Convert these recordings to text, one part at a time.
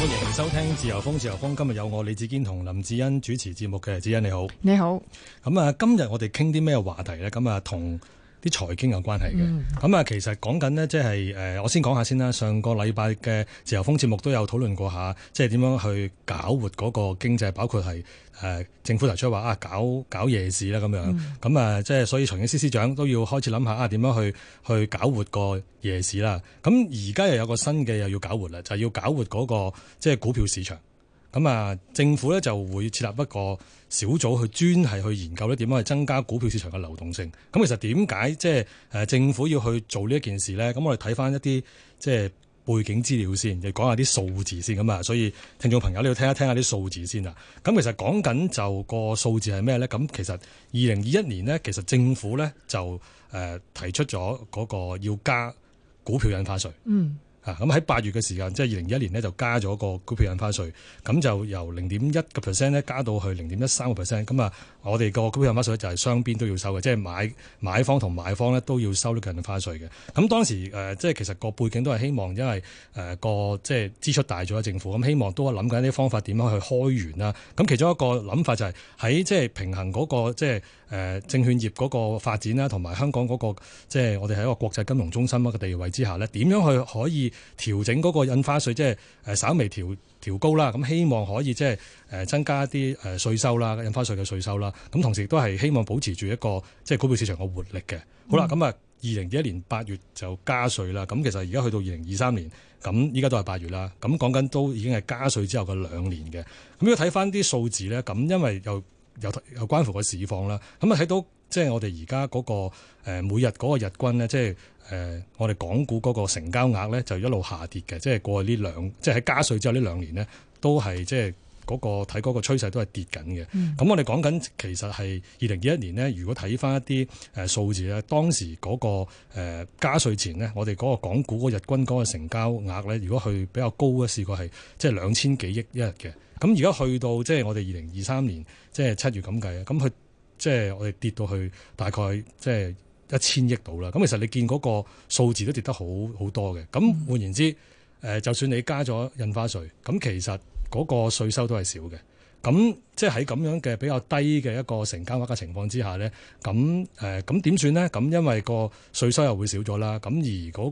歡迎收聽自《自由風》，自由風今日有我李志堅同林志欣主持節目嘅，志欣你好，你好。咁啊，今日我哋傾啲咩話題呢？咁啊，同。啲財經有關係嘅，咁啊、嗯，其實講緊呢，即係誒，我先講下先啦。上個禮拜嘅自由風節目都有討論過下，即係點樣去搞活嗰個經濟，包括係誒、呃、政府提出話啊，搞搞夜市啦咁樣。咁啊、嗯，即係所以財經司司長都要開始諗下啊，點樣去去搞活個夜市啦。咁而家又有個新嘅又要搞活啦，就係、要搞活嗰、個即係股票市場。咁啊，政府咧就會設立一個小組去專係去研究咧點樣去增加股票市場嘅流動性。咁其實點解即係誒政府要去做呢一件事咧？咁我哋睇返一啲即係背景資料先，就講下啲數字先咁啊。所以聽眾朋友你要聽一聽一下啲數字先啊。咁其實講緊就個數字係咩咧？咁其實二零二一年呢，其實政府咧就誒提出咗嗰個要加股票印花稅。嗯。啊！咁喺八月嘅時間，即係二零二一年呢，就加咗個股票印花稅，咁就由零點一個 percent 咧，加到去零點一三個 percent，咁啊。我哋個股票印花稅就係雙邊都要收嘅，即係買買方同賣方咧都要收呢個印花稅嘅。咁當時誒，即、呃、係其實個背景都係希望，因為誒、那個、呃、即係支出大咗嘅政府，咁、嗯、希望都係諗緊啲方法點樣去開源啦。咁其中一個諗法就係喺即係平衡嗰、那個即係誒證券業嗰個發展啦，同埋香港嗰、那個即係、就是、我哋喺一個國際金融中心一個地位之下咧，點樣去可以調整嗰個印花稅，即係誒稍微調。調高啦，咁希望可以即係誒增加一啲誒稅收啦，印花稅嘅稅收啦，咁同時亦都係希望保持住一個即係股票市場嘅活力嘅。嗯、好啦，咁啊，二零一一年二零二一年八月就加稅啦，咁其實而家去到二零二三年，咁依家都係八月啦，咁講緊都已經係加稅之後嘅兩年嘅。咁如果睇翻啲數字咧，咁因為又又又關乎個市況啦，咁啊睇到。即係我哋而家嗰個、呃、每日嗰個日均咧，即係誒、呃、我哋港股嗰個成交額咧，就一路下跌嘅。即係過呢兩，即係喺加稅之後呢兩年呢，都係即係嗰、嗰個睇嗰個趨勢都係跌緊嘅。咁、嗯、我哋講緊其實係二零二一年呢，如果睇返一啲誒數字咧，當時嗰、嗰個、呃、加稅前呢，我哋嗰個港股嗰日均嗰個成交額咧，如果去比較高嘅，試過係即係兩千幾億一日嘅。咁而家去到即係我哋二零二三年即係七月咁計咧，咁佢。即係我哋跌到去大概即係一千億度啦，咁其實你見嗰個數字都跌得好好多嘅。咁換言之，誒就算你加咗印花稅，咁其實嗰個稅收都係少嘅。咁即係喺咁樣嘅比較低嘅一個成交額嘅情況之下咧，咁誒咁點算咧？咁、呃、因為個稅收又會少咗啦，咁而嗰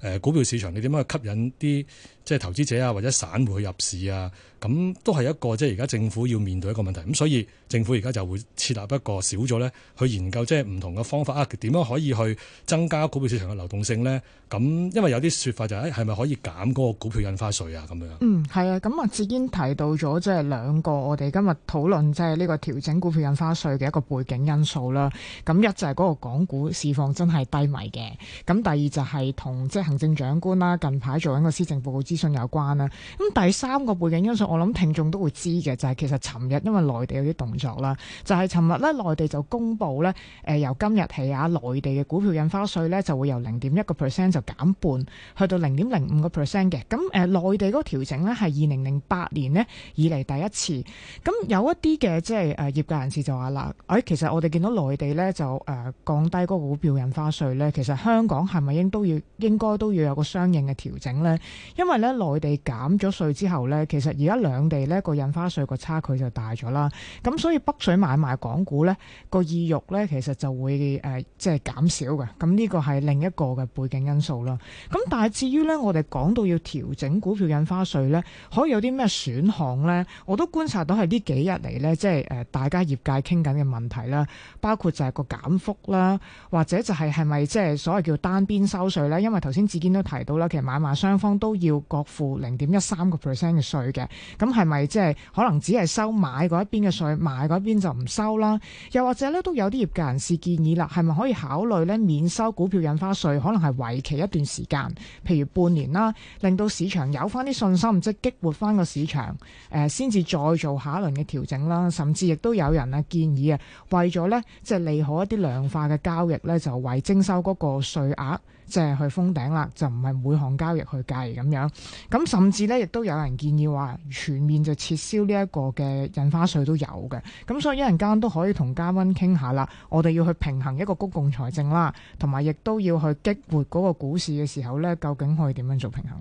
個誒股票市場你點樣去吸引啲即係投資者啊或者散戶去入市啊？咁都係一個即係而家政府要面對一個問題，咁所以政府而家就會設立一個小組咧，去研究即係唔同嘅方法啊，點樣可以去增加股票市場嘅流動性咧？咁因為有啲說法就係係咪可以減嗰個股票印花稅啊？咁樣嗯，係啊。咁啊家健提到咗即係兩個。我哋今日討論即係呢個調整股票印花稅嘅一個背景因素啦。咁一就係、是、嗰個港股市況真係低迷嘅。咁第二就係同即係行政長官啦，近排做緊個施政報告諮詢有關啦。咁第三個背景因素，我諗聽眾都會知嘅，就係、是、其實尋日因為內地有啲動作啦。就係、是、尋日咧，內地就公布咧，誒、呃、由今日起啊，內地嘅股票印花稅咧就會由零點一個 percent 就減半，去到零點零五個 percent 嘅。咁誒內地嗰個調整咧係二零零八年呢以嚟第一次。咁有一啲嘅即係誒業界人士就話啦，誒、哎、其實我哋見到內地咧就誒、呃、降低嗰個股票印花稅咧，其實香港係咪應都要應該都要有個相應嘅調整咧？因為咧內地減咗稅之後咧，其實而家兩地咧個印花稅個差距就大咗啦。咁所以北水買賣港股咧個意慾咧，其實就會誒、呃、即係減少嘅。咁呢個係另一個嘅背景因素啦，咁但係至於咧我哋講到要調整股票印花稅咧，可以有啲咩選項咧？我都觀。查到係呢幾日嚟呢，即係誒、呃、大家業界傾緊嘅問題啦，包括就係個減幅啦，或者就係係咪即係所謂叫單邊收稅呢？因為頭先志堅都提到啦，其實買賣雙方都要各付零點一三個 percent 嘅稅嘅。咁係咪即係可能只係收買嗰一邊嘅稅，賣嗰邊就唔收啦？又或者呢，都有啲業界人士建議啦，係咪可以考慮呢，免收股票印花稅？可能係為期一段時間，譬如半年啦，令到市場有翻啲信心，即激活翻個市場，誒先至再做下一輪嘅調整啦，甚至亦都有人啊建議啊，為咗呢，即係利好一啲量化嘅交易呢，就為徵收嗰個稅額即係去封頂啦，就唔係每項交易去計咁樣。咁甚至呢，亦都有人建議話全面就撤銷呢一個嘅印花稅都有嘅。咁所以一陣間都可以同嘉賓傾下啦。我哋要去平衡一個公共財政啦，同埋亦都要去激活嗰個股市嘅時候呢，究竟可以點樣做平衡？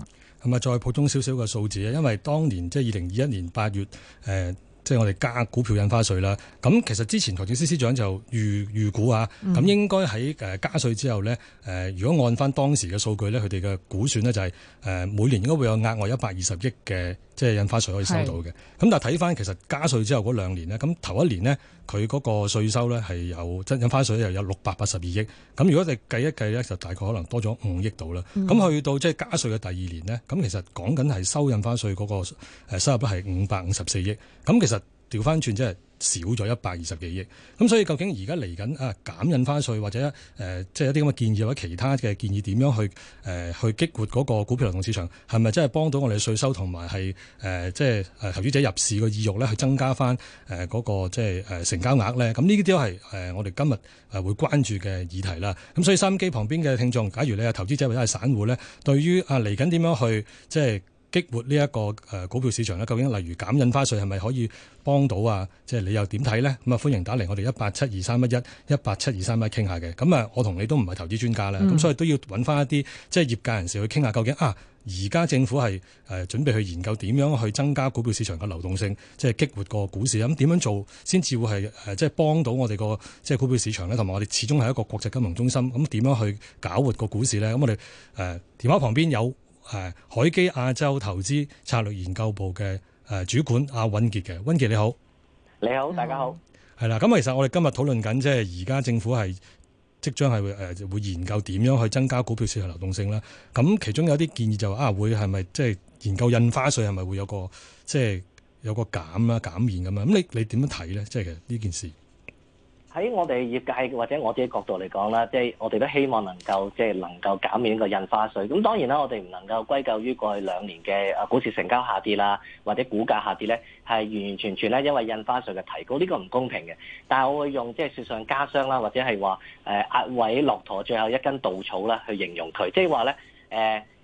係咪再普通少少嘅數字咧？因為當年即係二零二一年八月，誒、呃、即係我哋加股票印花稅啦。咁其實之前財政司司長就預預估嚇，咁、嗯嗯嗯、應該喺誒加稅之後咧，誒、呃、如果按翻當時嘅數據咧，佢哋嘅估算咧就係、是、誒、呃、每年應該會有額外一百二十億嘅即係印花稅可以收到嘅。咁是但係睇翻其實加稅之後嗰兩年呢，咁頭一年呢。佢嗰個稅收咧係有即印花稅又有六百八十二億，咁如果你計一計咧，就大概可能多咗五億度啦。咁去到即係加稅嘅第二年咧，咁其實講緊係收印花稅嗰個誒收入咧係五百五十四億，咁其實。調翻轉即係少咗一百二十幾億，咁所以究竟而家嚟緊啊減印花稅或者誒、呃、即係一啲咁嘅建議或者其他嘅建議點樣去誒、呃、去激活嗰個股票流動市場係咪真係幫到我哋嘅稅收同埋係誒即係投資者入市嘅意欲咧去增加翻誒嗰個、呃、即係誒成交額咧？咁呢啲都係誒我哋今日誒會關注嘅議題啦。咁所以收音機旁邊嘅聽眾，假如你係投資者或者係散戶咧，對於啊嚟緊點樣去即係？激活呢、這、一個誒、呃、股票市場咧，究竟例如減印花稅係咪可以幫到啊？即係你又點睇呢？咁、嗯、啊，歡迎打嚟我哋一八七二三一一、一八七二三一傾下嘅。咁啊，我同你都唔係投資專家啦，咁、嗯、所以都要搵返一啲即係業界人士去傾下，究竟啊而家政府係誒、呃、準備去研究點樣去增加股票市場嘅流動性，即係激活個股市。咁、嗯、點樣做先至會係誒、呃、即係幫到我哋個即係股票市場咧？同埋我哋始終係一個國際金融中心，咁、嗯、點樣去搞活個股市咧？咁我哋誒電話旁邊有邊誒，凱基亞洲投資策略研究部嘅誒主管阿温、啊、傑嘅，温傑你好。你好，大家好。係啦，咁其實我哋今日討論緊，即係而家政府係即將係誒會研究點樣去增加股票市場流動性啦。咁其中有啲建議就是、啊，會係咪即係研究印花稅係咪會有個即係、就是、有個減啦、減免咁啊？咁你你點樣睇咧？即係其實呢件事。喺我哋業界或者我自己角度嚟講啦，即係我哋都希望能夠即係能夠減免個印花稅。咁當然啦，我哋唔能夠歸咎於過去兩年嘅誒股市成交下跌啦，或者股價下跌咧，係完完全全咧因為印花稅嘅提高，呢個唔公平嘅。但係我會用即係雪上加霜啦，或者係話誒壓位駱駝最後一根稻草啦，去形容佢。即係話咧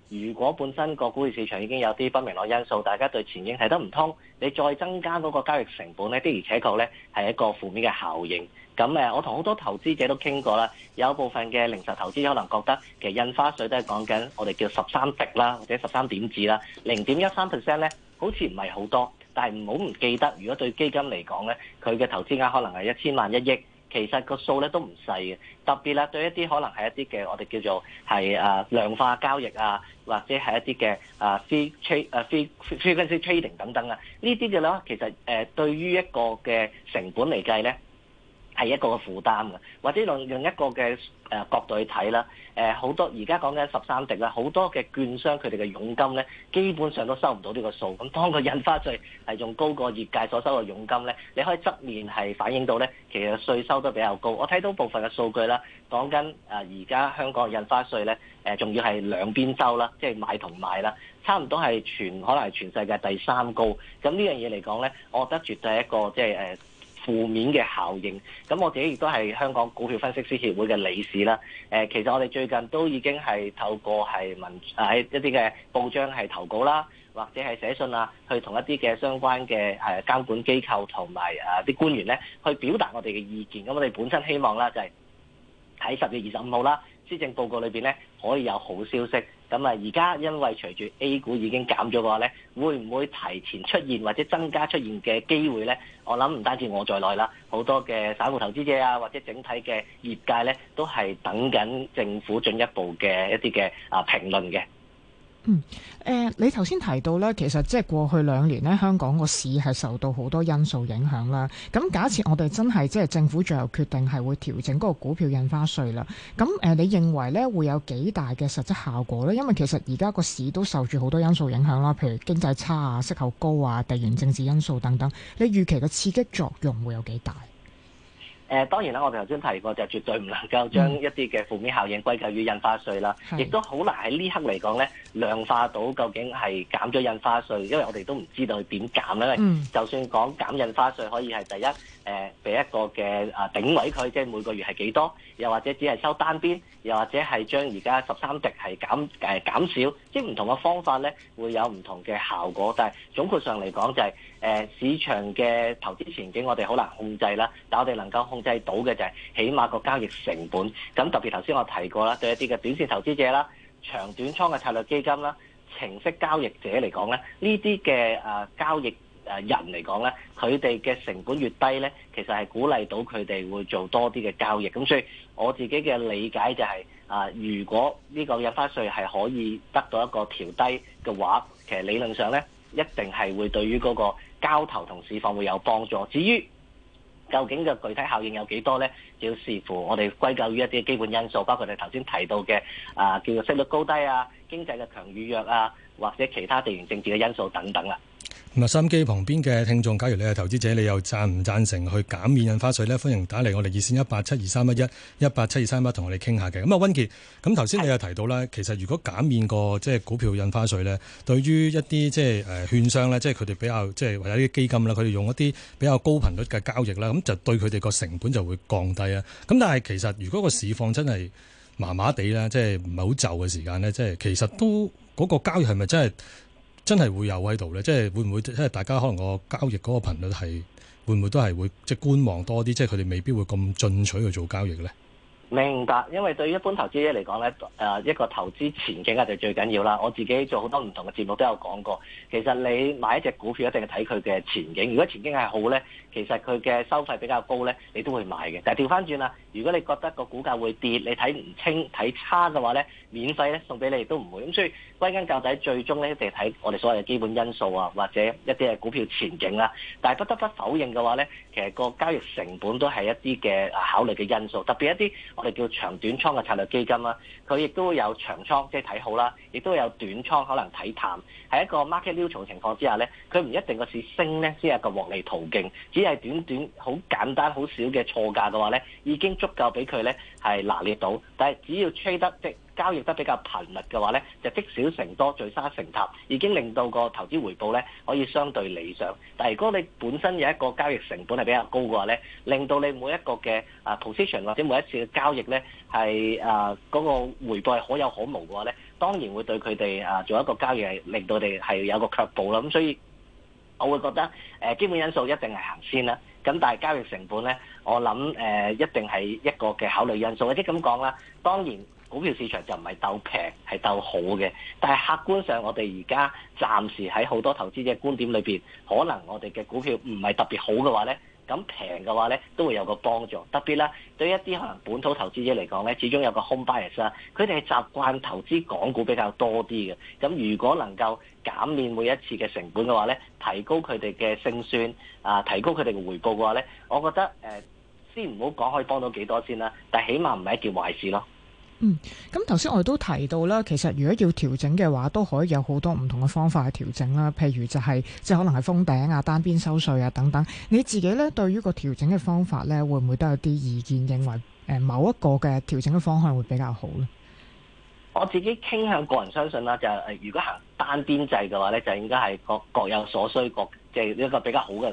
誒，如果本身個股市市場已經有啲不明朗因素，大家對前景睇得唔通，你再增加嗰個交易成本咧，的而且確咧係一個負面嘅效應。咁誒，我同好多投資者都傾過啦，有一部分嘅零售投資可能覺得其實印花稅都係講緊我哋叫十三滴啦，或者十三點子啦，零點一三 percent 咧，好似唔係好多，但係唔好唔記得，如果對基金嚟講咧，佢嘅投資額可能係一千萬一億，其實個數咧都唔細嘅，特別啦對一啲可能係一啲嘅我哋叫做係誒量化交易啊，或者係一啲嘅誒 free trade 誒 free frequency trading 等等啊，呢啲嘅咧其實誒、呃、對於一個嘅成本嚟計咧。係一個嘅負擔嘅，或者用另一個嘅誒角度去睇啦。誒好多而家講緊十三疊啦，好多嘅券商佢哋嘅佣金咧，基本上都收唔到呢個數。咁當個印花稅係仲高過業界所收嘅佣金咧，你可以側面係反映到咧，其實稅收都比較高。我睇到部分嘅數據啦，講緊誒而家香港印花稅咧，誒仲要係兩邊收啦，即係買同賣啦，差唔多係全可能係全世界第三高。咁呢樣嘢嚟講咧，我覺得絕對係一個即係誒，就是負面嘅效應，咁我自己亦都係香港股票分析師協會嘅理事啦。誒、呃，其實我哋最近都已經係透過係文啊，一啲嘅報章係投稿啦，或者係寫信啊，去同一啲嘅相關嘅誒監管機構同埋啊啲官員咧，去表達我哋嘅意見。咁我哋本身希望啦，就係喺十月二十五號啦，施政報告裏邊咧，可以有好消息。咁啊，而家因為隨住 A 股已經減咗嘅話咧，會唔會提前出現或者增加出現嘅機會咧？我諗唔單止我在內啦，好多嘅散戶投資者啊，或者整體嘅業界咧，都係等緊政府進一步嘅一啲嘅啊評論嘅。嗯，誒、呃，你頭先提到咧，其實即係過去兩年呢，香港個市係受到好多因素影響啦。咁假設我哋真係即係政府最後決定係會調整嗰個股票印花稅啦，咁誒，你認為咧會有幾大嘅實質效果咧？因為其實而家個市都受住好多因素影響啦，譬如經濟差啊、息口高啊、地緣政治因素等等。你預期嘅刺激作用會有幾大？誒當然啦，我哋頭先提過，就絕對唔能夠將一啲嘅負面效應歸咎於印花稅啦，亦的都好難喺呢刻嚟講咧量化到究竟係減咗印花稅，因為我哋都唔知道點減啦。因為就算講減印花稅可以係第一。誒俾一個嘅啊頂位佢，即係每個月係幾多？又或者只係收單邊，又或者係將而家十三滴係減誒減少，即係唔同嘅方法咧，會有唔同嘅效果。但係總括上嚟講，就係，就係誒市場嘅投資前景，我哋好難控制啦。但我哋能夠控制到嘅就係起碼個交易成本。咁特別頭先我提過啦，對一啲嘅短線投資者啦、長短倉嘅策略基金啦、程式交易者嚟講咧，呢啲嘅啊交易。誒人嚟講咧，佢哋嘅成本越低咧，其實係鼓勵到佢哋會做多啲嘅交易。咁所以我自己嘅理解就係，啊，如果呢個印花稅係可以得到一個調低嘅話，其實理論上咧，一定係會對於嗰個交投同市況會有幫助。至於究竟嘅具體效應有幾多咧，要視乎我哋歸咎於一啲基本因素，包括你頭先提到嘅啊，叫做息率高低啊、經濟嘅強與弱啊，或者其他地緣政治嘅因素等等啊。咁啊，收音機旁邊嘅聽眾，假如你係投資者，你又讚唔讚成去減免印花稅咧？歡迎打嚟我哋熱線 1, 一八七二三一一、一八七二三一，同我哋傾下嘅。咁啊，温杰，咁頭先你又提到咧，其實如果減免個即係股票印花稅咧，對於一啲即係誒券商咧，即係佢哋比較即係或者啲基金啦，佢哋用一啲比較高頻率嘅交易咧，咁就對佢哋個成本就會降低啊。咁但係其實如果個市況真係麻麻地啦，即係唔係好就嘅時間咧，即係其實都嗰、那個交易係咪真係？真係會有喺度咧，即係會唔會即係大家可能個交易嗰個頻率係會唔會都係會即係觀望多啲，即係佢哋未必會咁進取去做交易咧。明白，因為對一般投資者嚟講咧，誒一個投資前景啊就最緊要啦。我自己做好多唔同嘅節目都有講過，其實你買一隻股票一定係睇佢嘅前景。如果前景係好咧，其實佢嘅收費比較高咧，你都會買嘅。但係調翻轉啦，如果你覺得個股價會跌，你睇唔清睇差嘅話咧，免費咧送俾你都唔會。咁所以歸根究底，最終咧，一定睇我哋所謂嘅基本因素啊，或者一啲嘅股票前景啦。但係不得不否認嘅話咧，其實個交易成本都係一啲嘅考慮嘅因素，特別一啲。我哋叫長短倉嘅策略基金啦。佢亦都有長倉，即係睇好啦，亦都有短倉，可能睇淡。喺一個 market neutral 情況之下咧，佢唔一定個市升咧先係一個獲利途徑，只係短短好簡單、好少嘅錯價嘅話咧，已經足夠俾佢咧係拿捏到。但係只要 trade、er, 得即係交易得比較頻密嘅話咧，就積少成多、聚沙成塔，已經令到個投資回報咧可以相對理想。但係如果你本身有一個交易成本係比較高嘅話咧，令到你每一個嘅啊 position 或者每一次嘅交易咧係啊嗰個。回報係可有可無嘅話咧，當然會對佢哋啊做一個交易係令到佢哋係有個卻步啦。咁所以，我會覺得誒基本因素一定係行先啦。咁但係交易成本咧，我諗誒一定係一個嘅考慮因素。即係咁講啦，當然股票市場就唔係鬥平係鬥好嘅，但係客觀上我哋而家暫時喺好多投資者觀點裏邊，可能我哋嘅股票唔係特別好嘅話咧。咁平嘅話咧，都會有個幫助，特別咧對一啲可能本土投資者嚟講咧，始終有個 home bias 啦、啊，佢哋係習慣投資港股比較多啲嘅。咁如果能夠減免每一次嘅成本嘅話咧，提高佢哋嘅勝算啊、呃，提高佢哋嘅回報嘅話咧，我覺得誒、呃、先唔好講可以幫到幾多先啦，但係起碼唔係一件壞事咯。嗯，咁頭先我哋都提到啦，其實如果要調整嘅話，都可以有好多唔同嘅方法去調整啦。譬如就係、是、即係可能係封頂啊、單邊收稅啊等等。你自己呢，對於個調整嘅方法呢，會唔會都有啲意見，認為誒某一個嘅調整嘅方向會比較好呢？我自己傾向個人相信啦，就係、是、如果行單邊制嘅話呢，就應該係各各有所需各，各即係一個比較好嘅誒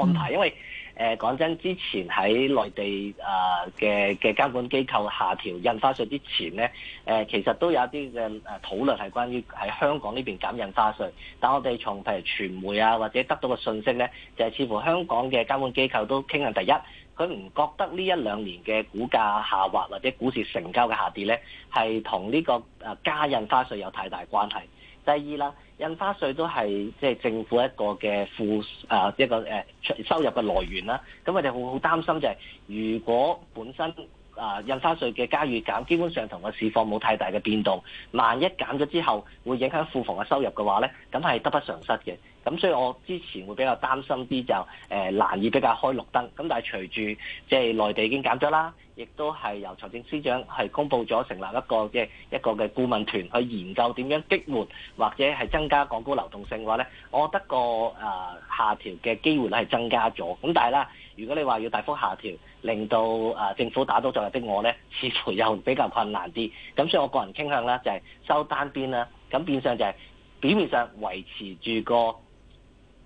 安排，呃嗯、因為。誒講真，之前喺內地啊嘅嘅監管機構下調印花稅之前咧，誒其實都有啲嘅誒討論係關於喺香港呢邊減印花稅，但我哋從譬如傳媒啊或者得到嘅信息咧，就係似乎香港嘅監管機構都傾向第一。佢唔覺得呢一兩年嘅股價下滑或者股市成交嘅下跌咧，係同呢個誒加印花稅有太大關係。第二啦，印花稅都係即係政府一個嘅負誒一個誒收入嘅來源啦。咁我哋好好擔心就係如果本身。啊！印花稅嘅加與減，基本上同個市況冇太大嘅變動。萬一減咗之後，會影響庫房嘅收入嘅話咧，咁係得不償失嘅。咁所以我之前會比較擔心啲就誒、呃、難以比較開綠燈。咁但係隨住即係內地已經減咗啦，亦都係由財政司長係公布咗成立一個嘅一個嘅顧問團去研究點樣激活或者係增加港股流動性嘅話咧，我覺得個啊、呃、下調嘅機會咧係增加咗。咁但係啦，如果你話要大幅下調，令到啊政府打到在下的我咧，似乎又比較困難啲。咁所以，我個人傾向咧就係、是、收單邊啦。咁變相就係表面上維持住個誒、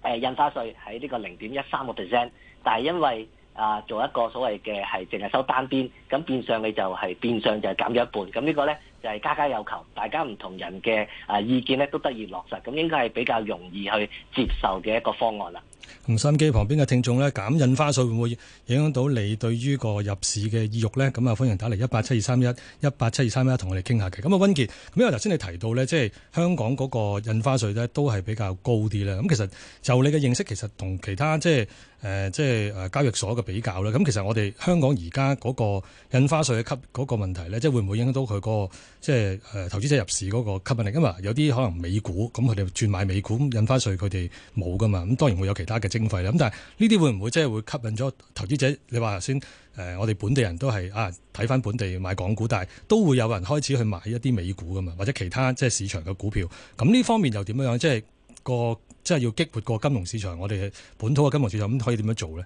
呃、印花稅喺呢個零點一三個 percent，但係因為啊、呃、做一個所謂嘅係淨係收單邊，咁變相你就係、是、變相就係減咗一半。咁呢個咧就係、是、家家有求，大家唔同人嘅啊意見咧都得以落實，咁應該係比較容易去接受嘅一個方案啦。同收音機旁邊嘅聽眾咧，減印花稅會唔會影響到你對於個入市嘅意欲咧？咁啊，歡迎打嚟一八七二三一一八七二三一同我哋傾下嘅。咁啊，溫傑，咁因為頭先你提到咧，即係香港嗰個印花稅咧都係比較高啲咧。咁其實就你嘅認識，其實同其他即係誒即係誒交易所嘅比較咧。咁其實我哋香港而家嗰個印花稅嘅吸嗰個問題咧，即係會唔會影響到佢個即係誒投資者入市嗰個吸引力？吖嘛？有啲可能美股，咁佢哋轉買美股，印花稅佢哋冇噶嘛。咁當然會有其他。嘅徵費，咁但係呢啲會唔會即係會吸引咗投資者？你話頭先，誒，我哋本地人都係啊，睇翻本地買港股，但係都會有人開始去買一啲美股噶嘛，或者其他即係市場嘅股票。咁呢方面又點樣？即係個即係要激活個金融市場，我哋本土嘅金融市場咁可以點樣做咧？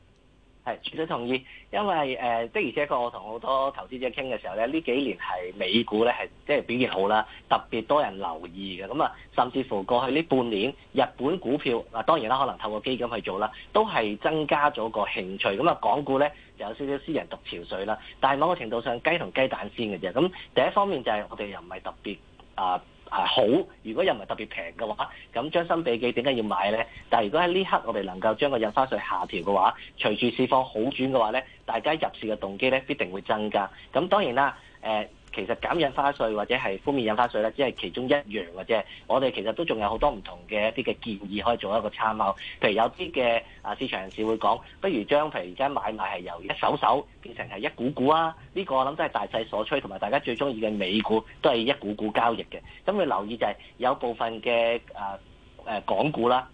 係，絕對同意，因為誒的而且確，我同好多投資者傾嘅時候咧，呢幾年係美股咧係即係表現好啦，特別多人留意嘅，咁啊，甚至乎過去呢半年，日本股票啊，當然啦，可能透過基金去做啦，都係增加咗個興趣，咁啊，港股咧就有少少斯人獨憔悴啦，但係某個程度上雞同雞蛋先嘅啫，咁第一方面就係我哋又唔係特別啊。啊好，如果又唔係特別平嘅話，咁將心比己點解要買呢？但係如果喺呢刻我哋能夠將個印花稅下調嘅話，隨住市況好轉嘅話呢，大家入市嘅動機呢必定會增加。咁當然啦，誒、呃。其實減印花稅或者係豁免印花稅咧，只係其中一樣嘅啫。我哋其實都仲有好多唔同嘅一啲嘅建議可以做一個參考。譬如有啲嘅啊市場人士會講，不如將譬如而家買賣係由一手手變成係一股股啊。呢個我諗都係大勢所趨，同埋大家最中意嘅美股都係一股股交易嘅。咁你留意就係有部分嘅啊誒港股啦。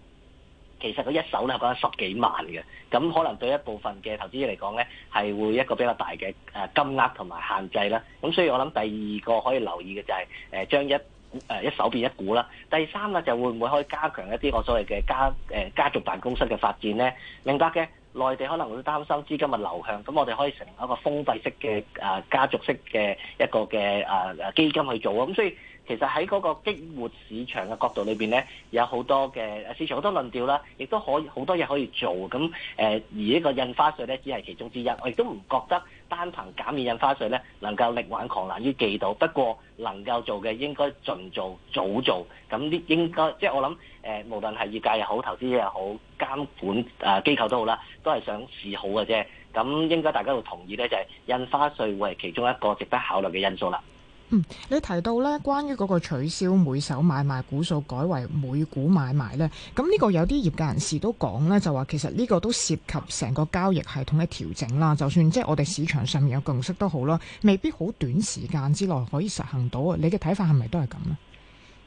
其實佢一手咧係講緊十幾萬嘅，咁可能對一部分嘅投資者嚟講咧係會一個比較大嘅誒金額同埋限制啦。咁所以我諗第二個可以留意嘅就係、是、誒將一誒一手變一股啦。第三啦就會唔會可以加強一啲我所謂嘅家誒家族辦公室嘅發展咧？明白嘅，內地可能會擔心資金嘅流向，咁我哋可以成一個封閉式嘅啊家族式嘅一個嘅啊基金去做啊。咁所以。其實喺嗰個激活市場嘅角度裏邊咧，有好多嘅市場好多論調啦，亦都可以好多嘢可以做。咁誒、呃，而呢個印花稅咧，只係其中之一。我亦都唔覺得單憑減免印花稅咧，能夠力挽狂瀾於既倒。不過能夠做嘅應該盡做早做。咁呢應該即係我諗誒、呃，無論係業界又好、投資者又好、監管啊、呃、機構都好啦，都係想試好嘅啫。咁應該大家會同意咧，就係、是、印花稅會係其中一個值得考慮嘅因素啦。嗯，你提到咧，關於嗰個取消每手買賣股數，改為每股買賣咧，咁呢個有啲業界人士都講咧，就話其實呢個都涉及成個交易系統嘅調整啦。就算即係我哋市場上面有共識都好啦，未必好短時間之內可以實行到啊。你嘅睇法係咪都係咁咧？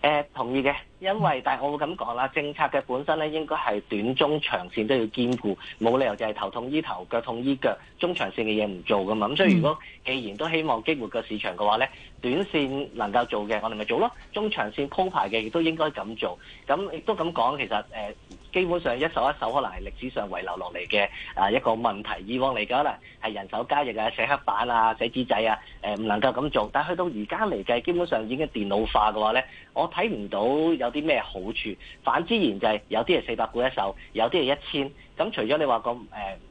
誒同意嘅，因為但係我會咁講啦，政策嘅本身咧應該係短中長線都要兼顧，冇理由就係頭痛醫頭，腳痛醫腳，中長線嘅嘢唔做㗎嘛。咁所以如果既然都希望激活個市場嘅話咧，短線能夠做嘅我哋咪做咯，中長線鋪排嘅亦都應該咁做。咁亦都咁講，其實誒。呃基本上一手一手可能係歷史上遺留落嚟嘅啊一個問題，以往嚟講可能係人手交易啊、寫黑板啊、寫紙仔啊，誒、呃、唔能夠咁做，但係去到而家嚟計，基本上已經電腦化嘅話呢，我睇唔到有啲咩好處。反之然就係有啲係四百股一手，有啲係一千。咁除咗你話個誒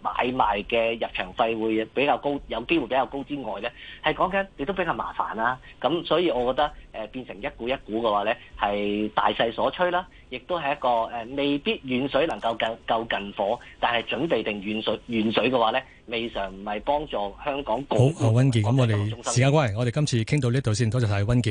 買賣嘅入場費會比較高，有機會比較高之外咧，係講緊亦都比較麻煩啦。咁所以我覺得誒變成一股一股嘅話咧，係大勢所趨啦，亦都係一個誒未必遠水能夠近救近火，但係準備定遠水遠水嘅話咧，未嘗唔係幫助香港。好，阿温傑，咁我哋時間關係，我哋今次傾到呢度先，多謝曬温傑。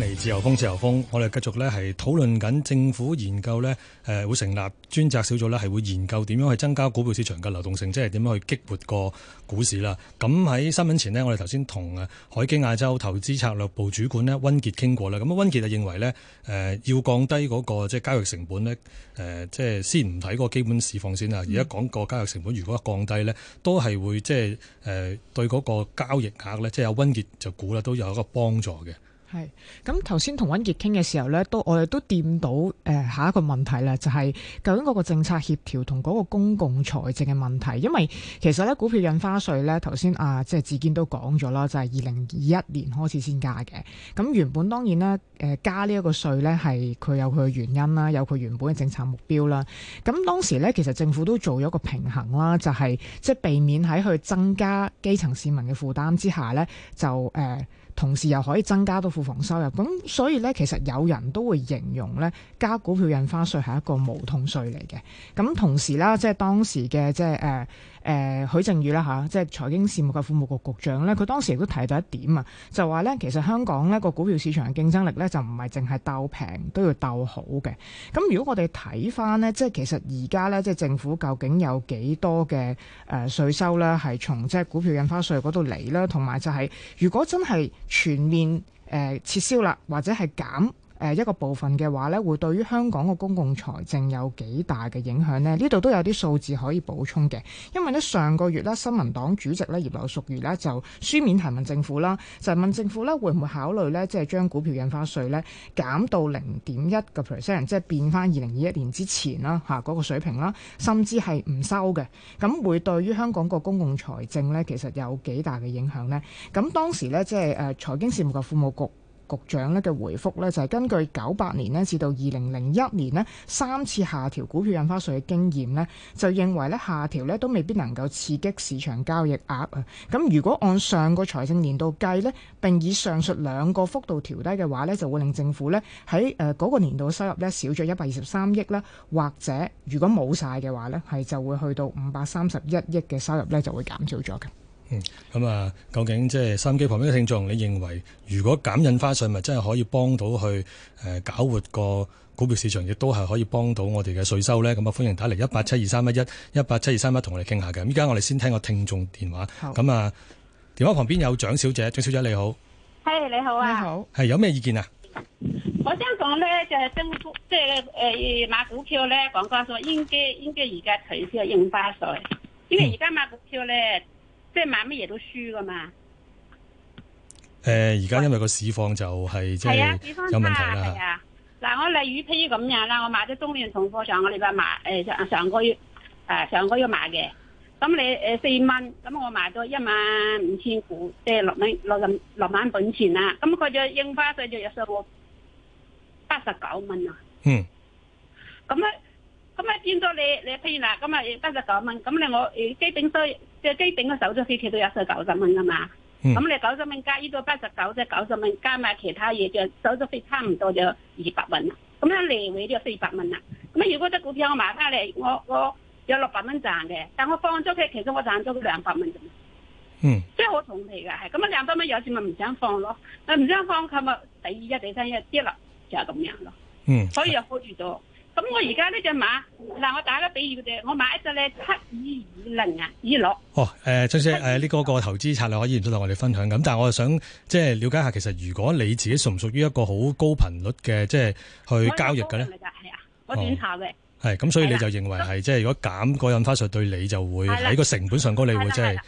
嚟自由風，自由風，我哋繼續咧係討論緊政府研究咧誒，會成立專責小組咧，係會研究點樣去增加股票市場嘅流動性，即係點樣去激活個股市啦。咁喺新聞前呢，我哋頭先同誒凱基亞洲投資策略部主管咧溫傑傾過啦。咁啊，溫傑就認為咧誒，要降低嗰個即係交易成本咧誒，即係先唔睇嗰個基本市況先啊。而家講個交易成本如果降低咧，都係會即係誒對嗰個交易額咧，即係溫傑就估啦，都有一個幫助嘅。係，咁頭先同溫杰傾嘅時候呢，都我哋都掂到誒、呃、下一個問題啦，就係、是、究竟嗰個政策協調同嗰個公共財政嘅問題，因為其實呢，股票印花稅呢，頭先啊即係志堅都講咗啦，就係二零二一年開始先加嘅。咁原本當然咧，誒、呃、加呢一個稅咧係佢有佢嘅原因啦，有佢原本嘅政策目標啦。咁當時呢，其實政府都做咗個平衡啦，就係即係避免喺去增加基層市民嘅負擔之下呢，就誒。呃同時又可以增加到庫房收入，咁所以咧，其實有人都會形容咧，加股票印花稅係一個無痛稅嚟嘅。咁同時啦，即係當時嘅，即係誒。呃誒、呃、許正宇啦嚇，即係財經事務及庫務局局長咧，佢當時亦都提到一點啊，就話咧，其實香港呢個股票市場嘅競爭力咧就唔係淨係鬥平，都要鬥好嘅。咁如果我哋睇翻呢，即係其實而家咧，即係政府究竟有幾多嘅誒稅收咧，係從即係股票印花稅嗰度嚟啦，同埋就係、是、如果真係全面誒、呃、撤銷啦，或者係減。誒一個部分嘅話咧，會對於香港個公共財政有幾大嘅影響咧？呢度都有啲數字可以補充嘅，因為咧上個月咧，新民黨主席咧葉劉淑儀咧就書面提問政府啦，就係、問政府咧會唔會考慮咧，即係將股票印花稅咧減到零點一個 percent，即係變翻二零二一年之前啦嚇嗰個水平啦，甚至係唔收嘅，咁會對於香港個公共財政咧其實有幾大嘅影響咧？咁當時咧即係誒財經事務及庫務局。局長咧嘅回覆咧就係根據九八年咧至到二零零一年咧三次下調股票印花稅嘅經驗咧，就認為咧下調咧都未必能夠刺激市場交易額啊。咁如果按上個財政年度計咧，並以上述兩個幅度調低嘅話咧，就會令政府咧喺誒嗰個年度收入咧少咗一百二十三億啦，或者如果冇晒嘅話咧，係就會去到五百三十一億嘅收入咧就會減少咗嘅。嗯，咁、嗯、啊、嗯，究竟即係收音機旁邊嘅聽眾，你認為如果減印花稅，咪真係可以幫到去誒、呃、搞活個股票市場，亦都係可以幫到我哋嘅稅收咧？咁、嗯、啊，歡迎打嚟、嗯、一八七二三一一一八七二三一同我哋傾下嘅。依家我哋先聽個聽眾電話，咁啊好，電話、嗯、旁邊有蔣小姐，蔣小姐你好，係、hey, 你好啊，你好係有咩意見啊？好我想講咧就係、是、政府，即係誒買股票咧，講、呃、句說話，應該應該而家取消印花稅，因為而家買股票咧。即係買乜嘢都輸噶嘛？誒，而家因為個市況就係即係有問題啦。嗱，我例如譬如咁樣啦，我買咗中年重貨上，我哋就買誒上上個月誒上個月買嘅，咁你誒四蚊，咁我買咗一萬五千股，即係六蚊六蚊六萬本錢啦。咁佢就印花稅就有入手八十九蚊啊。嗯。咁啊，咁啊變咗你你譬如嗱，咁啊八十九蚊，咁你我基本收即係基本個手續費都有一百九十蚊噶嘛，咁你九十蚊加呢個八十九即係九十蚊，加埋其他嘢就手續費差唔多就二百蚊啦，咁樣嚟回都要四百蚊啦。咁如果隻股票我買翻嚟，我我有六百蚊賺嘅，但我放咗佢，其實我賺咗佢兩百蚊啫。嗯。即係好重皮嘅係咁啊，兩百蚊有時咪唔想放咯，但唔想放佢咪第二一第三一啲啦，就係咁樣咯。嗯。所以又好主動。 咁、嗯、我而家呢隻馬嗱，我打個比喻，我買一隻咧七二二零啊，二六。哦，誒、呃，張生呢個個投資策略可以唔少同我哋分享咁，但係我係想即係、就是、了解下，其實如果你自己屬唔屬於一個好高頻率嘅即係去交易嘅咧？係啊，我檢下嘅。係咁、哦嗯，所以你就認為係即係如果減個印花稅對你就會喺個的成本上高，你會即係。的的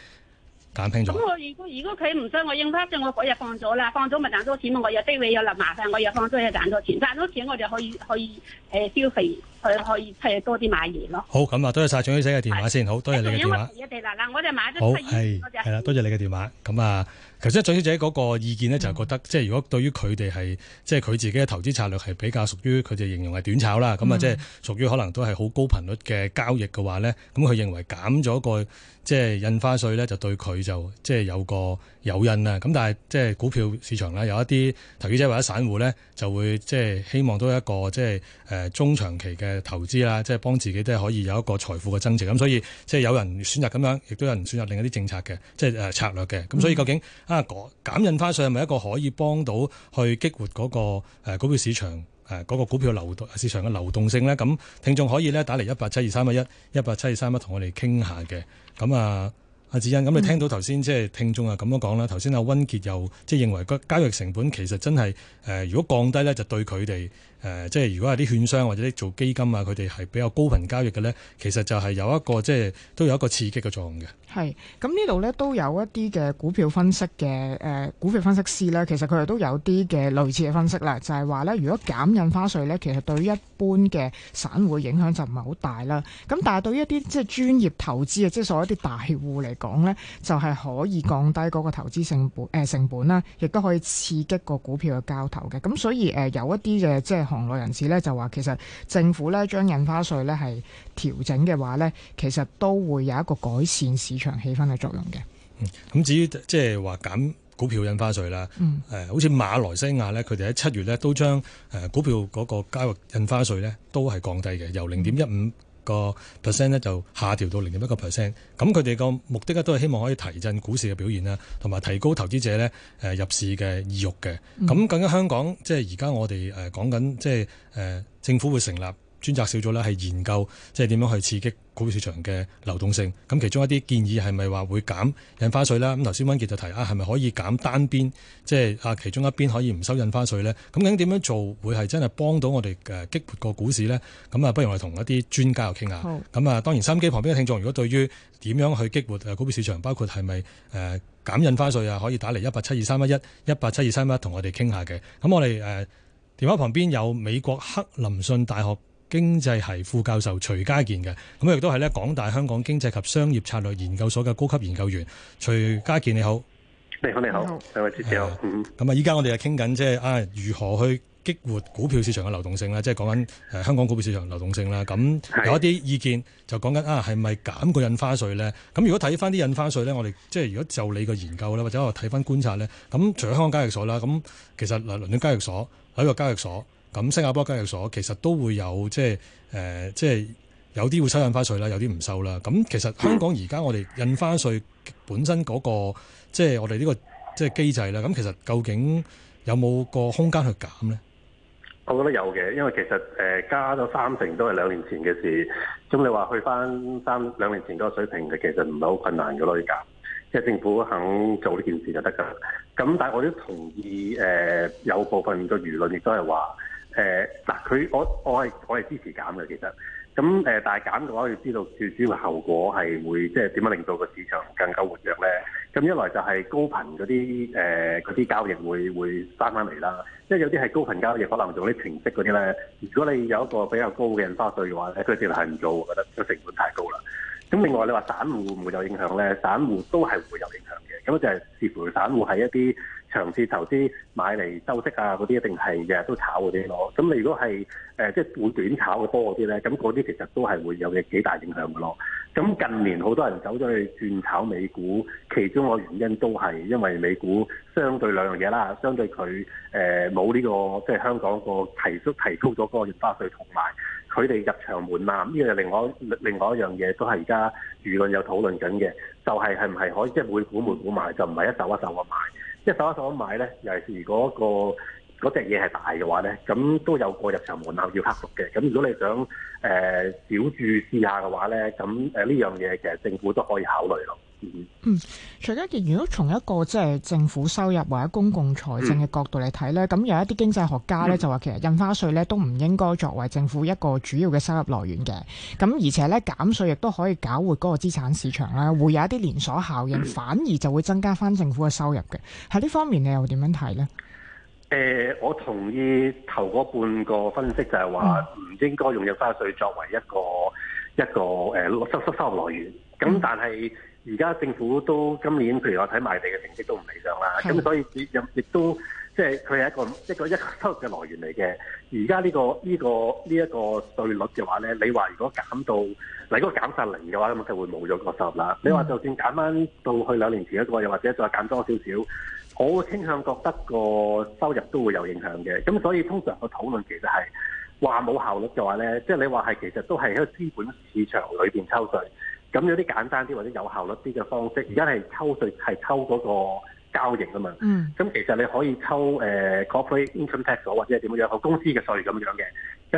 咁我如果如果佢唔收我印花稅，我嗰日放咗啦，放咗咪賺到錢？我又低你又冇麻煩，我又放咗又賺多錢，賺多錢我就可以可以誒、呃、消費，去可，可以多啲買嘢咯。好，咁、嗯、啊，多謝晒張小姐嘅電話先，好多謝你嘅電話。因嗱我哋買咗七二，係啦，多謝你嘅電話。咁啊、嗯，其實咧，小姐嗰個意見呢，就係覺得，即係、嗯、如果對於佢哋係即係佢自己嘅投資策略係比較屬於佢哋形容係短炒啦，咁啊、嗯，即係屬於可能都係好高頻率嘅交易嘅話呢，咁佢認為減咗個。即係印花稅咧，就對佢就即係有個誘因啦。咁但係即係股票市場咧，有一啲投資者或者散戶咧，就會即係希望都有一個即係誒、呃、中長期嘅投資啦，即係幫自己都係可以有一個財富嘅增值。咁所以即係有人選擇咁樣，亦都有人選擇另一啲政策嘅，即係誒、呃、策略嘅。咁所以究竟啊，減印花稅係咪一個可以幫到去激活嗰、那個、呃、股票市場？誒嗰、啊那個股票流動市場嘅流動性咧，咁聽眾可以咧打嚟一八七二三一一八七二三一同我哋傾下嘅。咁啊，阿、啊、志欣，咁、啊、你聽到頭先即係聽眾啊咁樣講啦，頭先阿温傑又即係認為個交易成本其實真係誒、呃，如果降低咧，就對佢哋。誒、呃，即係如果係啲券商或者啲做基金啊，佢哋係比較高頻交易嘅呢，其實就係有一個即係都有一個刺激嘅作用嘅。係，咁呢度呢，都有一啲嘅股票分析嘅誒、呃，股票分析師呢，其實佢哋都有啲嘅類似嘅分析啦，就係話呢，如果減印花稅呢，其實對於一般嘅散戶影響就唔係好大啦。咁但係對於一啲即係專業投資啊，即係所謂啲大戶嚟講呢，就係、是、可以降低嗰個投資成本誒、呃、成本啦，亦都可以刺激個股票嘅交投嘅。咁所以誒，有一啲嘅即係。行內人士咧就話，其實政府咧將印花稅咧係調整嘅話咧，其實都會有一個改善市場氣氛嘅作用嘅。嗯，咁至於即係話減股票印花稅啦，誒、嗯，好似馬來西亞咧，佢哋喺七月咧都將誒股票嗰個交易印花稅咧都係降低嘅，由零點一五個 percent 咧就下調到零點一個 percent，咁佢哋個目的咧都係希望可以提振股市嘅表現啦，同埋提高投資者咧誒入市嘅意欲嘅。咁更加香港即係而家我哋誒講緊即係誒政府會成立專責小組咧，係研究即係點樣去刺激股票市場嘅流動性。咁其中一啲建議係咪話會減印花稅啦？咁頭先溫傑就提啊，係咪可以減單邊，即係啊其中一邊可以唔收印花稅咧？咁究竟點樣做會係真係幫到我哋誒激活個股市咧？咁啊，不如我同一啲專家又傾下。咁啊好，當然收音機旁邊嘅聽眾，如果對於點樣去激活誒股票市場，包括係咪誒減印花稅啊，可以打嚟一八七二三一一，一八七二三一，同我哋傾下嘅。咁我哋誒電話旁邊有美國克林信大學。經濟系副教授徐家健嘅，咁亦都係咧港大香港經濟及商業策略研究所嘅高級研究員徐家健你好，你好，你好你好，兩位你好，咁啊依家我哋就傾緊即係啊如何去激活股票市場嘅流動性啦，即係講緊誒香港股票市場流動性啦，咁、嗯、的有一啲意見就講緊啊係咪減個印花稅咧？咁如果睇翻啲印花稅咧，我哋即係如果就你個研究咧，或者我睇翻觀察咧，咁除咗香港交易所啦，咁其實倫倫敦交易所喺個交易所。咁新加坡交易所其實都會有即係誒，即係有啲會收印花稅啦，有啲唔收啦。咁其實香港而家我哋印花稅本身嗰、那個即係我哋呢、這個即係機制啦。咁其實究竟有冇個空間去減呢？我覺得有嘅，因為其實誒、呃、加咗三成都係兩年前嘅事。咁你話去翻三兩年前嗰個水平嘅，其實唔係好困難嘅咯，要減。即係政府肯做呢件事就得㗎。咁但係我都同意誒、呃，有部分嘅輿論亦都係話。誒嗱，佢、呃、我我係我係支持減嘅，其實咁誒、嗯，但係減嘅話，我要知道最主要嘅後果係會即係點樣令到個市場更加活躍咧。咁、嗯、一來就係高頻嗰啲誒啲交易會會翻返嚟啦，即係有啲係高頻交易，可能做啲程式嗰啲咧。如果你有一個比較高嘅印花稅嘅話咧，佢自然係唔做，我覺得個成本太高啦。咁、嗯、另外你話散戶會唔會有影響咧？散戶都係會有影響嘅，咁就係似乎散戶係一啲。長線投資買嚟收息啊，嗰啲一定係日日都炒嗰啲咯。咁你如果係誒即係會短炒嘅多嗰啲咧，咁嗰啲其實都係會有嘅幾大影響嘅咯。咁近年好多人走咗去轉炒美股，其中個原因都係因為美股相對兩樣嘢啦，相對佢誒冇呢個即係、就是、香港個提速提高咗嗰個印花稅，同埋佢哋入場門檻。呢個另外另外一樣嘢，都係而家輿論有討論緊嘅，就係係唔係可以即係、就是、每股每股買，就唔係一手一手去買。即係一手一手一買咧，尤其是如果個嗰隻嘢係大嘅話咧，咁都有個入場門口要克服嘅。咁如果你想誒、呃、小注試下嘅話咧，咁誒呢樣嘢其實政府都可以考慮咯。嗯，徐家健如果從一個即係政府收入或者公共財政嘅角度嚟睇呢，咁有一啲經濟學家呢，嗯、就話其實印花稅呢都唔應該作為政府一個主要嘅收入來源嘅。咁而且呢，減稅亦都可以搞活嗰個資產市場啦，會有一啲連鎖效應，嗯、反而就會增加翻政府嘅收入嘅。喺呢方面你又點樣睇呢？誒、呃，我同意頭嗰半個分析就係話唔應該用印花稅作為一個、嗯、一個誒收收收，收入來源。咁但係是 而家政府都今年，譬如我睇賣地嘅成績都唔理想啦，咁的、嗯、所以亦亦都即係佢係一個一個,一個收入嘅來源嚟嘅。而家、這個這個這個、呢個呢個呢一個稅率嘅話咧，你話如果減到，如果減曬零嘅話，咁就會冇咗個收入啦。你話就算減翻到,到去兩年前嗰個，又或者再減多少少，我會傾向覺得個收入都會有影響嘅。咁所以通常個討論其實係話冇效率嘅話咧，即、就、係、是、你話係其實都係喺個資本市場裏邊抽稅。咁有啲簡單啲或者有效率啲嘅方式，而家係抽稅係抽嗰個交易啊嘛。嗯，咁其實你可以抽誒、uh, corporate income tax 咗或者係點樣樣，公司嘅稅咁樣嘅，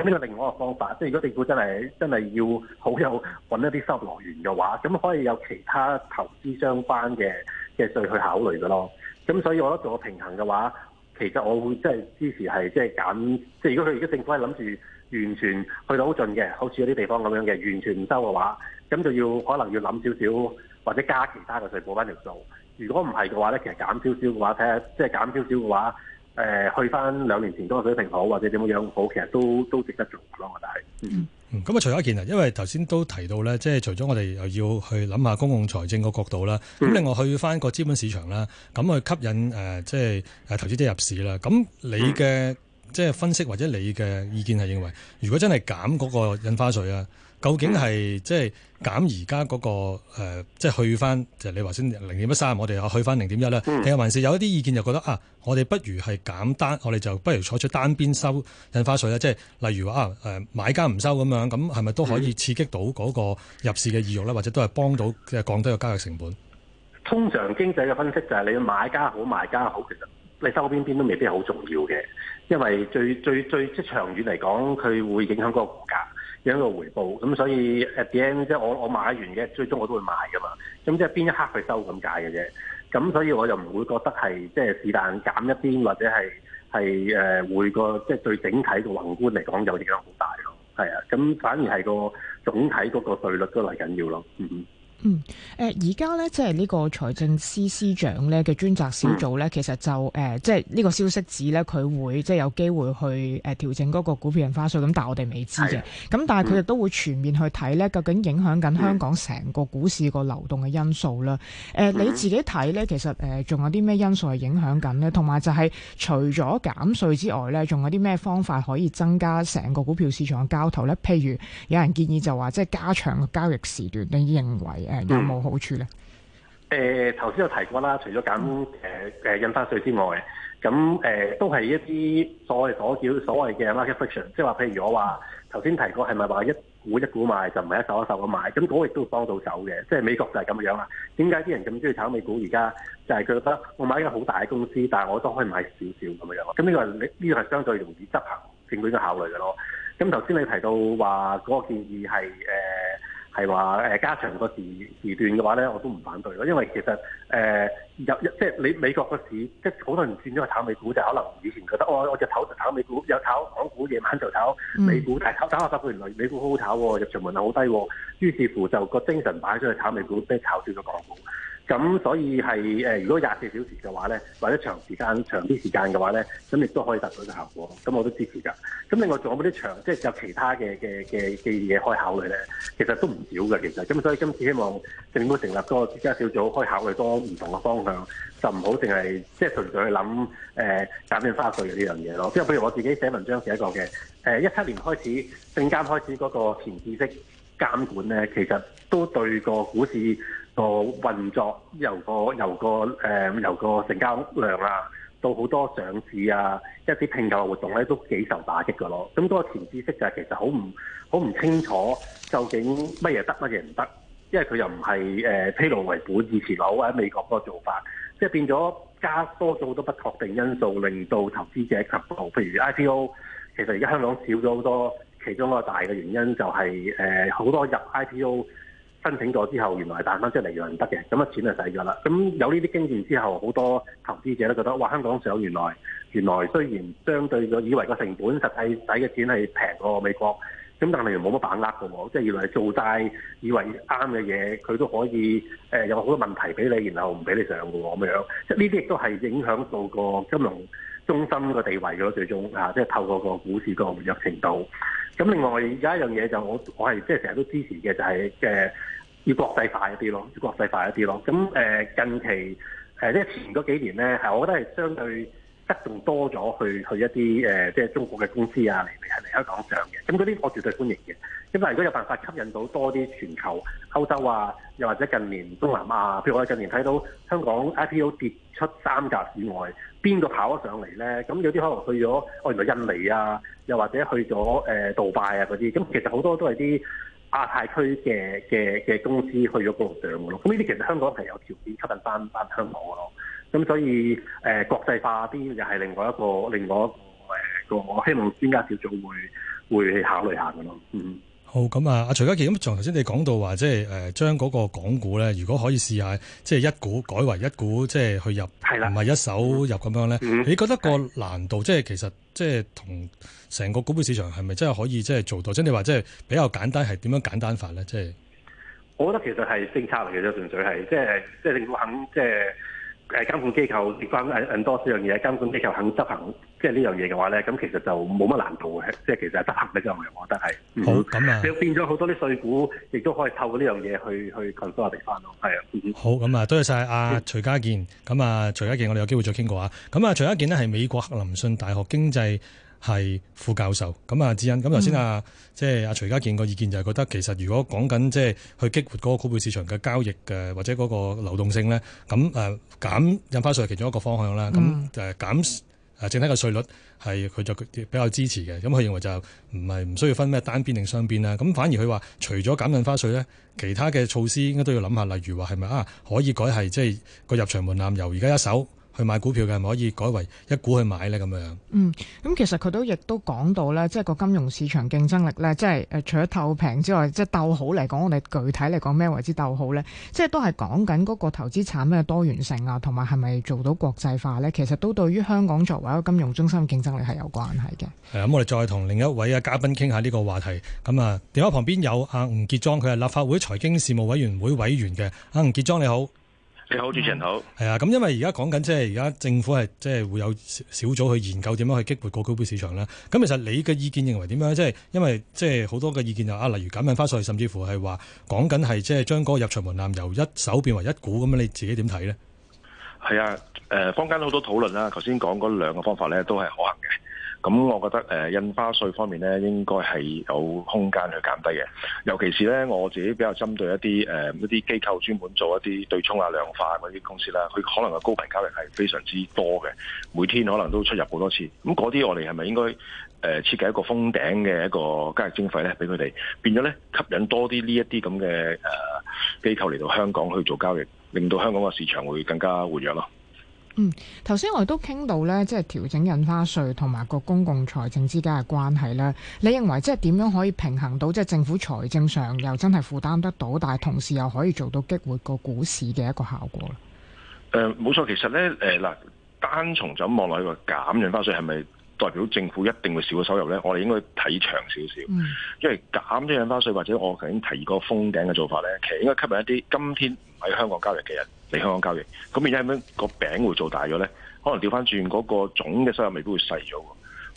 咁呢個另外一個方法。即係如果政府真係真係要好有揾一啲收入來源嘅話，咁可以有其他投資相關嘅嘅稅去考慮嘅咯。咁所以我覺得做個平衡嘅話，其實我會即係支持係即係減。即係如果佢而家政府係諗住完全去到好盡嘅，好似有啲地方咁樣嘅，完全唔收嘅話。咁就要可能要諗少少，或者加其他嘅稅補翻條數。如果唔係嘅話咧，其實減少少嘅話，睇下即係減少少嘅話，誒、呃、去翻兩年前嗰個水平好，或者點樣樣好，其實都都值得做咯。我覺得係。嗯嗯。咁啊、嗯，除咗、嗯、一件啊，因為頭先都提到咧，即係除咗我哋又要去諗下公共財政個角度啦，咁、嗯、另外去翻個資本市場啦，咁去吸引誒、呃、即係誒投資者入市啦。咁你嘅、嗯、即係分析或者你嘅意見係認為，如果真係減嗰個印花稅啊？究竟係、那個嗯呃、即係減而家嗰個即係去翻，就你話先零點一三，我哋又去翻零點一啦。其實還是有一啲意見就覺得啊，我哋不如係減單，我哋就不如採取單邊收印花稅啦。即係例如話誒、啊，買家唔收咁樣，咁係咪都可以刺激到嗰個入市嘅意欲咧？或者都係幫到即係降低個交易成本。通常經濟嘅分析就係、是、你買家好賣家好，其實你收邊邊都未必係好重要嘅，因為最最最，最，最即係長遠嚟講，佢會影響嗰個股價。嘅一個回報，咁所以 at the end 即係我我買完嘅，最終我都會賣噶嘛。咁即係邊一刻去收咁解嘅啫。咁所以我就唔會覺得係即是但減一邊，或者係係誒會個即係對整體個宏觀嚟講有影響好大咯。係啊，咁反而係個總體嗰個稅率都係緊要咯。嗯哼。嗯，誒而家咧，即係呢個財政司司長咧嘅專責小組咧，其實就誒、呃、即係呢個消息指咧，佢會即係有機會去誒調整嗰個股票印花稅，咁但係我哋未知嘅。咁的但係佢亦都會全面去睇咧，究竟影響緊香港成個股市個流動嘅因素啦。誒、呃、你自己睇咧，其實誒仲、呃、有啲咩因素係影響緊呢？同埋就係除咗減稅之外咧，仲有啲咩方法可以增加成個股票市場嘅交投咧？譬如有人建議就話，即係加長個交易時段，你認為？有冇好處咧？誒、嗯，頭、呃、先有提過啦，除咗減誒誒印花稅之外，咁、呃、誒、呃、都係一啲所謂所叫所謂嘅 market friction 即係話譬如我話頭先提過，係咪話一股一股買就唔係一手一手咁買？咁、那、嗰個亦都會幫到手嘅。即係美國就係咁樣啦。點解啲人咁中意炒美股？而家就係佢覺得我買一個好大嘅公司，但係我都可以買少少咁嘅樣。咁呢個呢個係相對容易執行，政府應該考慮嘅咯。咁頭先你提到話嗰個建議係誒。呃係話誒加長個時時段嘅話咧，我都唔反對咯，因為其實誒入、呃、即係美美國個市，即係好多人轉咗去炒美股，就可能以前覺得哦，我就炒就炒美股，有炒港股，夜晚就炒美股，但係炒咗十幾年嚟，原來美股好好炒喎、哦，入場門口好低、哦，於是乎就個精神擺出去炒美股，即係炒斷咗港股。咁所以係誒、呃，如果廿四小時嘅話咧，或者長時間長啲時間嘅話咧，咁亦都可以達到個效果。咁我都支持㗎。咁另外仲有冇啲長，即係有其他嘅嘅嘅嘅嘢可以考慮咧？其實都唔少嘅，其實。咁所以今次希望政府成立個專家小組，開考慮多唔同嘅方向，就唔好淨係即係純粹去諗誒減免花稅嘅呢樣嘢咯。即係譬如我自己寫文章寫一個嘅誒，一、呃、七年開始證監開始嗰個前置式監管咧，其實都對個股市。個運作由個由個誒、呃、由個成交量啊，到好多上市啊，一啲併購活動咧、啊、都幾受打擊㗎咯。咁個前知識就係其實好唔好唔清楚究竟乜嘢得乜嘢唔得，因為佢又唔係誒披露為本，以前樓喺美國嗰個做法，即係變咗加多咗好多不確定因素，令到投資者卻步。譬如 IPO，其實而家香港少咗好多，其中一個大嘅原因就係誒好多入 IPO。申請咗之後，原來係打翻出嚟又唔得嘅，咁啊錢就使咗啦。咁有呢啲經驗之後，好多投資者都覺得哇，香港上原來原來雖然相對咗以為個成本實際使嘅錢係平過美國，咁但係原來冇乜把握嘅喎，即係原來做晒以為啱嘅嘢，佢都可以誒有好多問題俾你，然後唔俾你上嘅咁樣。即係呢啲亦都係影響到個金融中心個地位嘅。最終啊，即係透過個股市個活躍程度。咁另外有一樣嘢就我我係即係成日都支持嘅，就係、即係、誒。要國際化一啲咯，要國際化一啲咯。咁誒近期誒即係前嗰幾年咧，係我覺得係相對側重多咗，去去一啲誒、呃、即係中國嘅公司啊嚟嚟香港上嘅。咁嗰啲我絕對歡迎嘅。因為如果有辦法吸引到多啲全球歐洲啊，又或者近年東南亞、啊、譬如我哋近年睇到香港 IPO 跌出三甲以外，邊個跑咗上嚟咧？咁有啲可能去咗，我、哦、原來印尼啊，又或者去咗誒、呃、杜拜啊嗰啲。咁其實好多都係啲。亞太區嘅嘅嘅公司去咗嗰度上嘅咯，咁呢啲其實香港係有條件吸引翻翻香港嘅咯，咁所以誒、呃、國際化啲，又係另外一個另外一個誒個我希望專家小組會會考慮下嘅咯，嗯。好咁啊，阿徐家健，咁、就是，從頭先你講到話，即係誒將嗰個港股咧，如果可以試下，即、就、係、是、一股改為一股，即、就、係、是、去入，係啦的，唔係一手入咁、嗯、樣咧。嗯、你覺得個難度，即係的其實即係同成個股票市場係咪真係可以即係做到？即係你話即係比較簡單，係點樣簡單法咧？即、就、係、是、我覺得其實係政策嚟嘅啫，純粹係即係即係政府肯，即係誒監管機構接翻多少 d 樣嘢，監管監機，構監機，構監機構肯執行。即係呢樣嘢嘅話咧，咁其實就冇乜難度嘅，即係其實係得閒嘅啫。我覺得係好咁啊！變咗好多啲稅股，亦都可以透過呢樣嘢去去尋翻個地方咯。係啊，好咁啊，多謝晒阿徐家健。咁啊，徐家健，我哋有機會再傾過啊。咁啊，徐家健咧係美國克林信大學經濟系副教授。咁啊，智恩咁頭先啊，即係阿徐家健個意見就係覺得其實如果講緊即係去激活嗰個股票市場嘅交易嘅或者嗰個流動性咧，咁誒減印花稅係其中一個方向啦。咁誒減。誒整體個稅率係佢就比較支持嘅。咁佢認為就唔係唔需要分咩單邊定雙邊啦，咁反而佢話除咗減印花稅咧，其他嘅措施應該都要諗下，例如話係咪啊可以改係即係個入場門檻由而家一手。去買股票嘅係咪可以改為一股去買咧咁樣？嗯，咁其實佢都亦都講到咧，即係個金融市場競爭力咧，即係誒除咗鬥平之外，即係鬥好嚟講，我哋具體嚟講咩為之鬥好咧？即係都係講緊嗰個投資產品嘅多元性啊，同埋係咪做到國際化咧？其實都對於香港作為一個金融中心嘅競爭力係有關係嘅。誒、嗯，咁我哋再同另一位啊嘉賓傾下呢個話題。咁、嗯、啊，電話旁邊有阿、啊、吳傑莊，佢係立法會財經事務委員會委員嘅。阿、啊、吳傑莊你好。你好，主持人好。係啊，咁因為而家講緊即係而家政府係即係會有小組去研究點樣去激活個股票市場啦。咁其實你嘅意見認為點樣即係、就是、因為即係好多嘅意見就啊，例如減印花稅，甚至乎係話講緊係即係將嗰個入場門檻由一手變為一股咁樣，你自己點睇咧？係啊，誒、呃，坊間好多討論啦。頭先講嗰兩個方法咧，都係可行嘅。咁、嗯、我覺得誒、呃、印花稅方面咧，應該係有空間去減低嘅。尤其是咧，我自己比較針對一啲誒、呃、一啲機構專門做一啲對沖啊、量化嗰、啊、啲公司啦，佢可能嘅高頻交易係非常之多嘅，每天可能都出入好多次。咁嗰啲我哋係咪應該誒、呃、設計一個封頂嘅一個交易徵費咧，俾佢哋變咗咧吸引多啲呢一啲咁嘅誒機構嚟到香港去做交易，令到香港個市場會更加活躍咯。嗯，頭先我哋都傾到咧，即係調整印花稅同埋個公共財政之間嘅關係咧。你認為即係點樣可以平衡到即係政府財政上又真係負擔得到，但係同時又可以做到激活個股市嘅一個效果咧？誒、呃，冇錯，其實咧，誒、呃、嗱，單從就望落去減印花稅係咪代表政府一定會少咗收入咧？我哋應該睇長少少，嗯、因為減咗印花稅或者我頭先提過封頂嘅做法咧，其實應該吸引一啲今天唔喺香港交易嘅人。嚟香港交易，咁而家係咩？個餅會做大咗咧，可能調翻轉嗰個總嘅收入未必會細咗，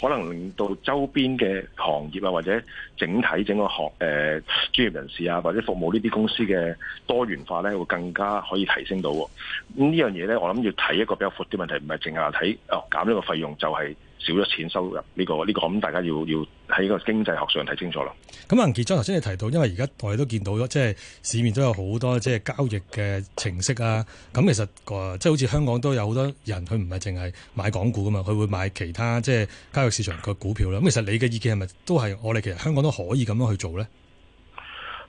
可能令到周邊嘅行業啊，或者整體整個學誒、呃、專業人士啊，或者服務呢啲公司嘅多元化咧，會更加可以提升到。咁呢樣嘢咧，我諗要睇一個比較闊啲問題，唔係淨係睇哦減咗個費用就係、是。少咗錢收入呢個呢個，咁、這個、大家要要喺個經濟學上睇清楚咯。咁阿吳傑莊頭先你提到，因為而家我哋都見到咗，即、就、係、是、市面都有好多即係、就是、交易嘅程式啊。咁、嗯、其實個即係好似香港都有好多人，佢唔係淨係買港股噶嘛，佢會買其他即係、就是、交易市場嘅股票啦。咁、嗯、其實你嘅意見係咪都係我哋其實香港都可以咁樣去做咧？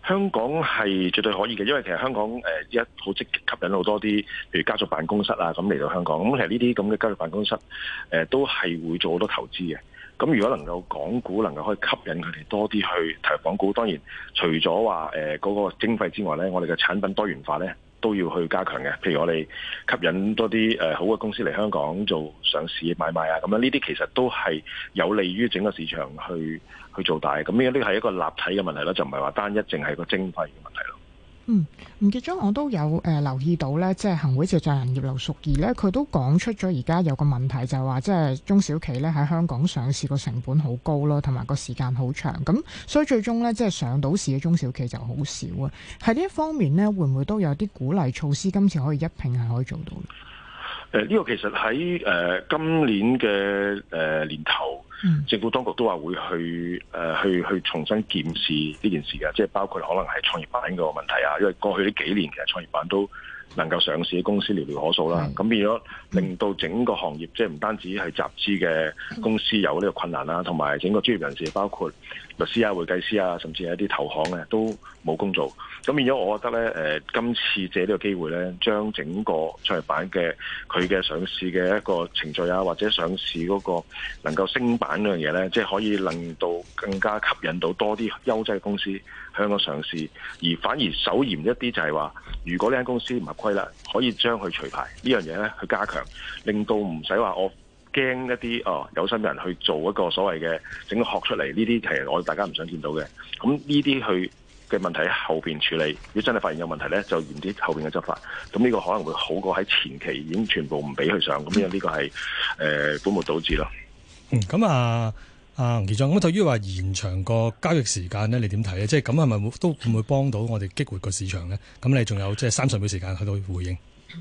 香港係絕對可以嘅，因為其實香港誒而家好積極吸引好多啲，譬如家族辦公室啊咁嚟到香港。咁、嗯、其實呢啲咁嘅家族辦公室誒、呃、都係會做好多投資嘅。咁、嗯、如果能夠港股能夠可以吸引佢哋多啲去投入港股，當然除咗話誒嗰個徵費之外咧，我哋嘅產品多元化咧，都要去加強嘅，譬如我哋吸引多啲誒、呃、好嘅公司嚟香港做上市買賣啊，咁樣呢啲其實都係有利於整個市場去去做大嘅，咁呢個呢係一個立體嘅問題咯，就唔係話單一淨係個徵費嘅問題咯。嗯，唔，吳傑莊，我都有誒、呃、留意到咧，即係行會召集人葉劉淑儀咧，佢都講出咗而家有個問題，就係、是、話即係中小企咧喺香港上市個成本好高咯，同埋個時間好長，咁所以最終咧即係上到市嘅中小企就好少啊。喺呢一方面咧，會唔會都有啲鼓勵措施？今次可以一併係可以做到？呢、呃這個其實喺誒、呃、今年嘅誒、呃、年頭。嗯、政府當局都話會去誒、呃、去去重新檢視呢件事嘅，即係包括可能係創業板個問題啊，因為過去呢幾年其實創業板都能夠上市嘅公司寥寥可數啦，咁、嗯、變咗令到整個行業即係唔單止係集資嘅公司有呢個困難啦，同埋整個專業人士包括。律師啊、會計師啊，甚至係一啲投行咧，都冇工做。咁而家我覺得呢，誒、呃、今次借呢個機會呢，將整個創業板嘅佢嘅上市嘅一個程序啊，或者上市嗰個能夠升板嗰樣嘢呢，即係可以令到更加吸引到多啲優質嘅公司香港上市。而反而手嚴一啲就係話，如果呢間公司唔合規啦，可以將佢除牌呢樣嘢呢，去加強，令到唔使話我。驚一啲哦，有心人去做一個所謂嘅整個學出嚟，呢啲其實我哋大家唔想見到嘅。咁呢啲去嘅問題後邊處理，如果真係發現有問題咧，就嚴啲後邊嘅執法。咁、嗯、呢、這個可能會好過喺前期已經全部唔俾佢上。咁因為呢個係誒、呃、本末倒置咯。咁、嗯嗯、啊啊吳傑莊，咁對於話延長個交易時間咧，你點睇咧？即係咁係咪都會唔會幫到我哋激活個市場咧？咁你仲有即係三十秒時間去到回應。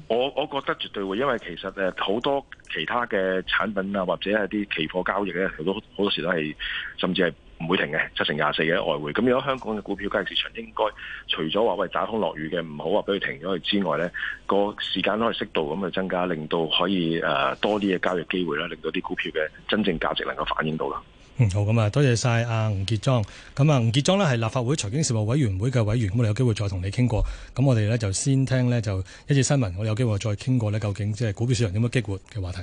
我我覺得絕對會，因為其實誒好多其他嘅產品啊，或者係啲期貨交易咧，好多好多時都係甚至係唔會停嘅，七成廿四嘅外匯。咁如果香港嘅股票交易市場應該除咗話喂打風落雨嘅唔好話俾佢停咗佢之外咧，個時間都可以適度咁去增加，令到可以誒多啲嘅交易機會啦，令到啲股票嘅真正價值能夠反映到啦。嗯，好，咁啊，多謝晒阿吳傑莊。咁啊，吳傑莊咧係立法會財經事務委員會嘅委員，咁我哋有機會再同你傾過。咁我哋咧就先聽咧就一節新聞，我有機會再傾過咧，究竟即係股票市場點樣激活嘅話題。